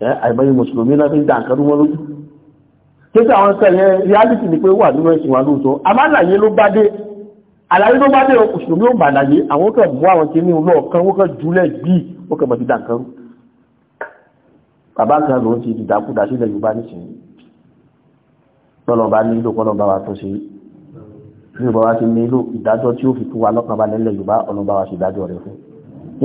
àìmọye mùsùlùmí náà fi ń dà nǹkan rúmọ́ lójú kéde àwọn nǹkan yẹn reality ni pé wà nínú ẹ̀sìn wa lóòótọ́ àbálàyé ló bá dé àlàyé ló bá dé mùsùlùmí ó bà láyé àwọn kan mú àwọn kìíní ọlọ́ọ̀kan wọ́n kan jùlẹ̀ bíi wọ́n kan bọ̀ ti dà nǹkan rú bàbá kan ló ń ti dìdàkudà sílẹ̀ yorùbá nísìnyí tọ́lọ̀bá nílò kọ́lọ̀bá wa tó ṣe yorùbá wa ti nílò ìdájọ́ tí ó fi tú wa lọ́kànbalẹ̀ lẹ̀ yorùbá ọlọ́bá wa ṣèdájọ́ rẹ̀ fún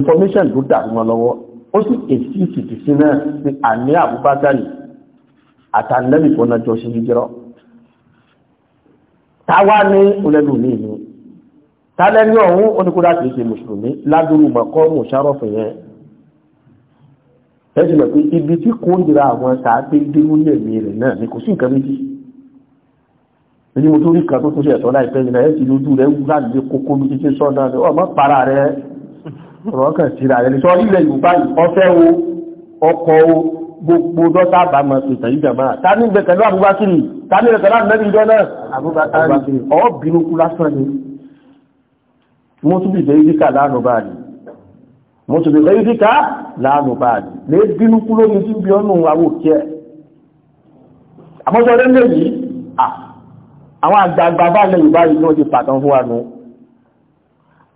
information tó dà fún wọn lọ́wọ́ ó sì èsì ìsìtì sí náà ní àní àbúbákàrí àtàlẹ́bì fọ́nà jọ ṣe jíjẹ́rọ táwá ní olẹ́lú ní ìlú tálẹ́ni ọ̀hún oníkúdá kìí ṣe mùsùlùmí ládùrú mọ̀kọ́ mọ̀ ṣárọ̀fù yẹn ẹ̀sì mọ̀ pé ibi tí kò ń jìra àwọn sàápé dínú ní ẹ̀mí rẹ̀ náà ni kò sí nǹkan méjì èyí mo tó rí kan tó tó ṣe ẹ̀tọ́ láìpẹ́ yìí náà ẹ̀sì lójú rẹ̀ wúlá rọ́kàn síra rẹ̀ ní sọ ilẹ̀ yorùbá ọfẹ́ o ọkọ̀ o gbogbo dọ́ta bá mọ̀ pẹ̀tẹ̀ ìjàmá ta ní gbẹ̀kẹ̀lú àbúbákiri ta ní gbẹ̀kẹ̀lú àbúbákiri ìjọ náà àbúbákiri ọ̀bìnú kú lásán ni mo tún bìbẹ̀ ìdíkà lánàá bá ní mo tún bìbẹ̀ ìdíkà lánàá bá ní lè bínú kú lómi tí bí ọ̀nà àwọn òkè àmọ́sọ̀rẹ́ lè yí àwọn àgbààgbà bá lẹ́yìn báyìí náà ti pàtàn fún wa nù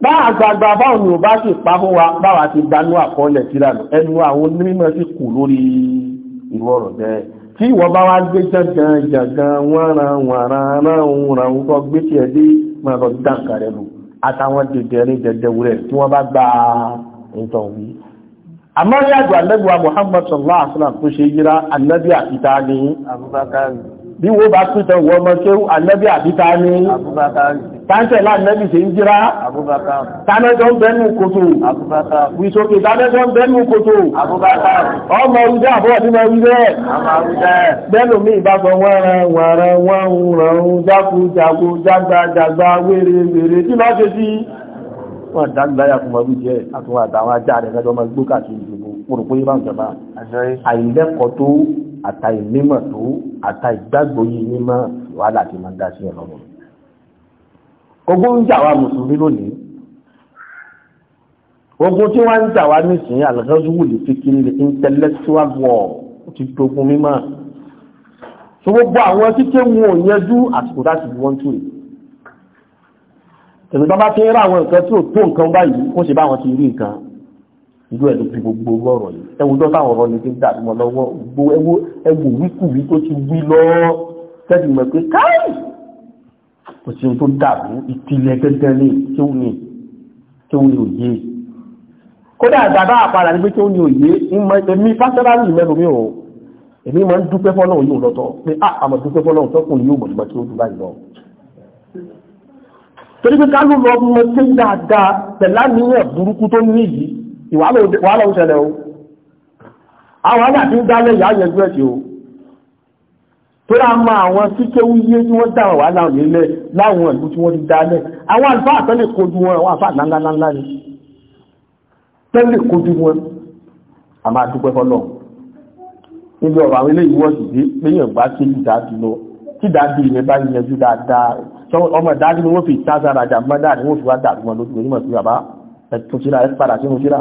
bá àgbààgbà báwọn yóò bá sì pa fún wa báwa ti dánú àkọọ́lẹ̀ síra lọ ẹnu àwọn onímọ̀ sì kù lórí irú ọ̀rọ̀ bẹ́ẹ̀ tí ìwọ bá wá gbé jàngàn jàngàn wọ́nran wọ̀nran ráhùn ráhùn tó gbé tiẹ̀ dé máa lọ dáǹkà rẹ lò àtàwọn dèdèrè dèdèwúrẹ tí wọ́n bá gba nǹkan wí. àmọ́ yàgò àlẹ́gbẹ̀wá Muhammad sallallahu alaihi wasallam tó ṣe yíra ànábì àti tani Abubakar bí wo bá pítọ̀ wọ ọmọ ṣe ànábì àbíta ní táńtẹ̀lá ànábì ṣe ń jíra tánẹ́jọ́ ń bẹ́nu kòtò ìṣòkè tánẹ́jọ́ ń bẹ́nu kòtò ọmọ oúnjẹ àbúrò tí bẹ́nu mi ìbáfọ wọ́nrẹ̀ wọ́n dágbáyà fún ọdún jẹ́ àtúnwà àtàwọn ajá rẹ̀ lọ́jọ́ ọmọ igbó kàkiri ìgbòho kòròpó yìí àìlẹ́kọ̀ọ́ tó àta ìmímọ̀ tó àta ìgbàgbọ́ yìí mímọ̀ wàhálà tí máa ń dá sí ọlọ́run ogun ń jà wá mùsùlùmí lónìí ogun tí wọ́n ń jà wá nísìnyí àlọ́dọ́dúnwò lè fi kiri lè intellectual war ti dogun mímọ́ so gbogbo àwọn títẹ́ wọn ò yẹjú àsìkò láti bí wọ́n túrì tẹ̀sí bá bá ti ń rà àwọn nǹkan tí ò tó nǹkan báyìí kó ṣe bá wọn ti rí nǹkan irú ẹ̀ ló fi gbogbo lọ́rọ̀ yìí ẹwù tó táwọn ọ̀rọ̀ ni ti ń dà mọ́ lọ́wọ́ gbogbo ẹwù ẹwù wíkùwí tó ti wí lọ tẹ́tì mọ̀ pé káì kò sí ohun tó dàbí ìpìlẹ̀ gẹ́gẹ́ ní tí ó ní tí ó ní òye kódà bàbá àpàrà ní pé tí ó ní òye èmi fásitì mẹ́rin mi ò èmi máa ń dúpẹ́ fọ́lọ́run yóò lọ́tọ̀ pé ah, a àmọ̀ dúpẹ́ fọ́lọ́run tọ́kùnrin yóò mọ̀lẹ́mọ̀ tí ó dùn báyìí lọ torí pé ká ló lọ mọ tí ó dáadáa pẹ̀lá níyàn burúkú tó ní yìí ìwàlọ̀ òṣẹlẹ̀ o àwọn àgbà tí ń dálẹ̀ ìyá yẹn gbẹ̀ tí o tó rá ma àwọn tí kéwú tí wọ́n dáwọn wà láwọn nílẹ̀ láwọn ìlú tí wọ́n ti dálẹ̀ àwọn àlùfáà tẹ́lẹ̀ kojú wọn àwọn àfáà ńláńláńlá ni tẹ́lẹ̀ kojú wọn a máa dúpẹ́ fọ́lọ̀ níbi ọ̀rọ̀ àwọn ilé ìwọ́ sì péyàn gbá sí ìdájú lọ tí ìdájú ìyẹn bá yẹjú dáadáa ọmọ ìdájú ni wọ́n fi tá sára ni wọ́n fi wá dàrú wọn lójú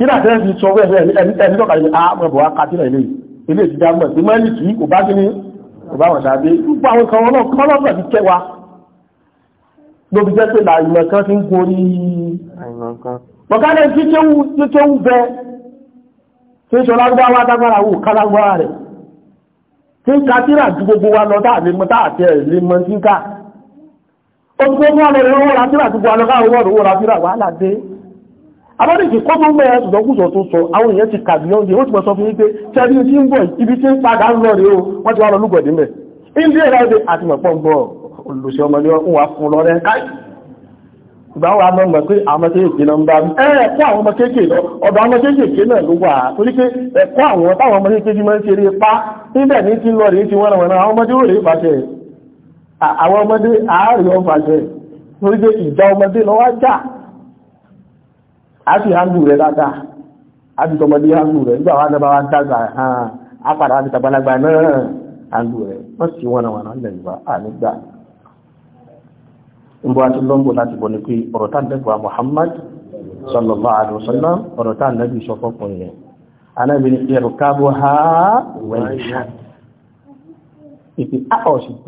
kílà tẹ́ fi sọ fẹ́ ẹni tọ́ka ní àmọ̀bọ̀ akátìlẹ̀ ilé ilé ìdíjà mọ̀ sí mẹ́lì kí kò bá sí ní ọba wọn dàbí gbogbo àwọn kan wọn náà kọ́ lọ́pọ̀ ti kẹwa ló fi jẹ́ pé làìmọ̀ kan ti ń gorí mọ̀kálẹ̀ tí kéwú bẹ tí ń sọlá gbá wá dágbára wò kálágbá rẹ̀ tí ń ju gbogbo wa lọ tá àlè mọ ẹ̀ lè mọ tí ń ká ó gbogbo wa lọ rẹ̀ wọ́n ra tíra ju gbogbo wa lọ káwọn wọ́n rà tíra wàhálà abọ́dẹ̀sì kọ́ tó mẹ́rẹ̀ ẹ̀sùdọ́kùsọ̀ tó sọ àwọn èèyàn ti kàbíyànjẹ́ ó ti mọ̀ sọ fún wípé tẹ́rí tí ń bọ̀ ibi tí ń padà ń lọ o wọ́n ti wá lọ lúgbọ̀dí mẹ́ india láìdé àti mọ̀pọ̀ ń bọ̀ olùsẹ̀ ọmọdé ń wà fún lọ́rẹ́ káì ìgbà wà mọ̀ pé àwọn kéèkéé lọ ń bá mi ẹ̀ẹ̀kọ́ àwọn ọmọ kéèkéé lọ ọ̀dọ̀ àwọn kéèkéé náà ló wà torí pé ẹ̀kọ́ àwọn táwọn ọmọ kéèkéé pa níbẹ̀ ní ti lọ rèé ti wọ́n ràn àwọn ọmọdé ó rèé fàṣẹ àwọn ọmọdé àárẹ̀ ọ̀fàṣẹ torí pé ìjà ọmọdé lọ wá jà a sì hangu rẹ̀ dáadáa a sì tọmọdé hangu rẹ̀ nígbà wọn bá wọn dàgbà hàn á padà wọn ti tàgbàlagbà náà hangu rẹ̀ wọ́n sì wọ́n náà wọn lẹ̀ yorùbá ànígbà ń bọ́ àti lọ́mbò láti bọ̀ ní pé ọ̀rọ̀ tá nẹ́gbà Muhammad sallallahu alaihi wasallam ọ̀rọ̀ tá nẹ́bí sọ fọ́kùn yẹn anábì ní ẹ̀rù káàbọ̀ ha wẹ̀yìn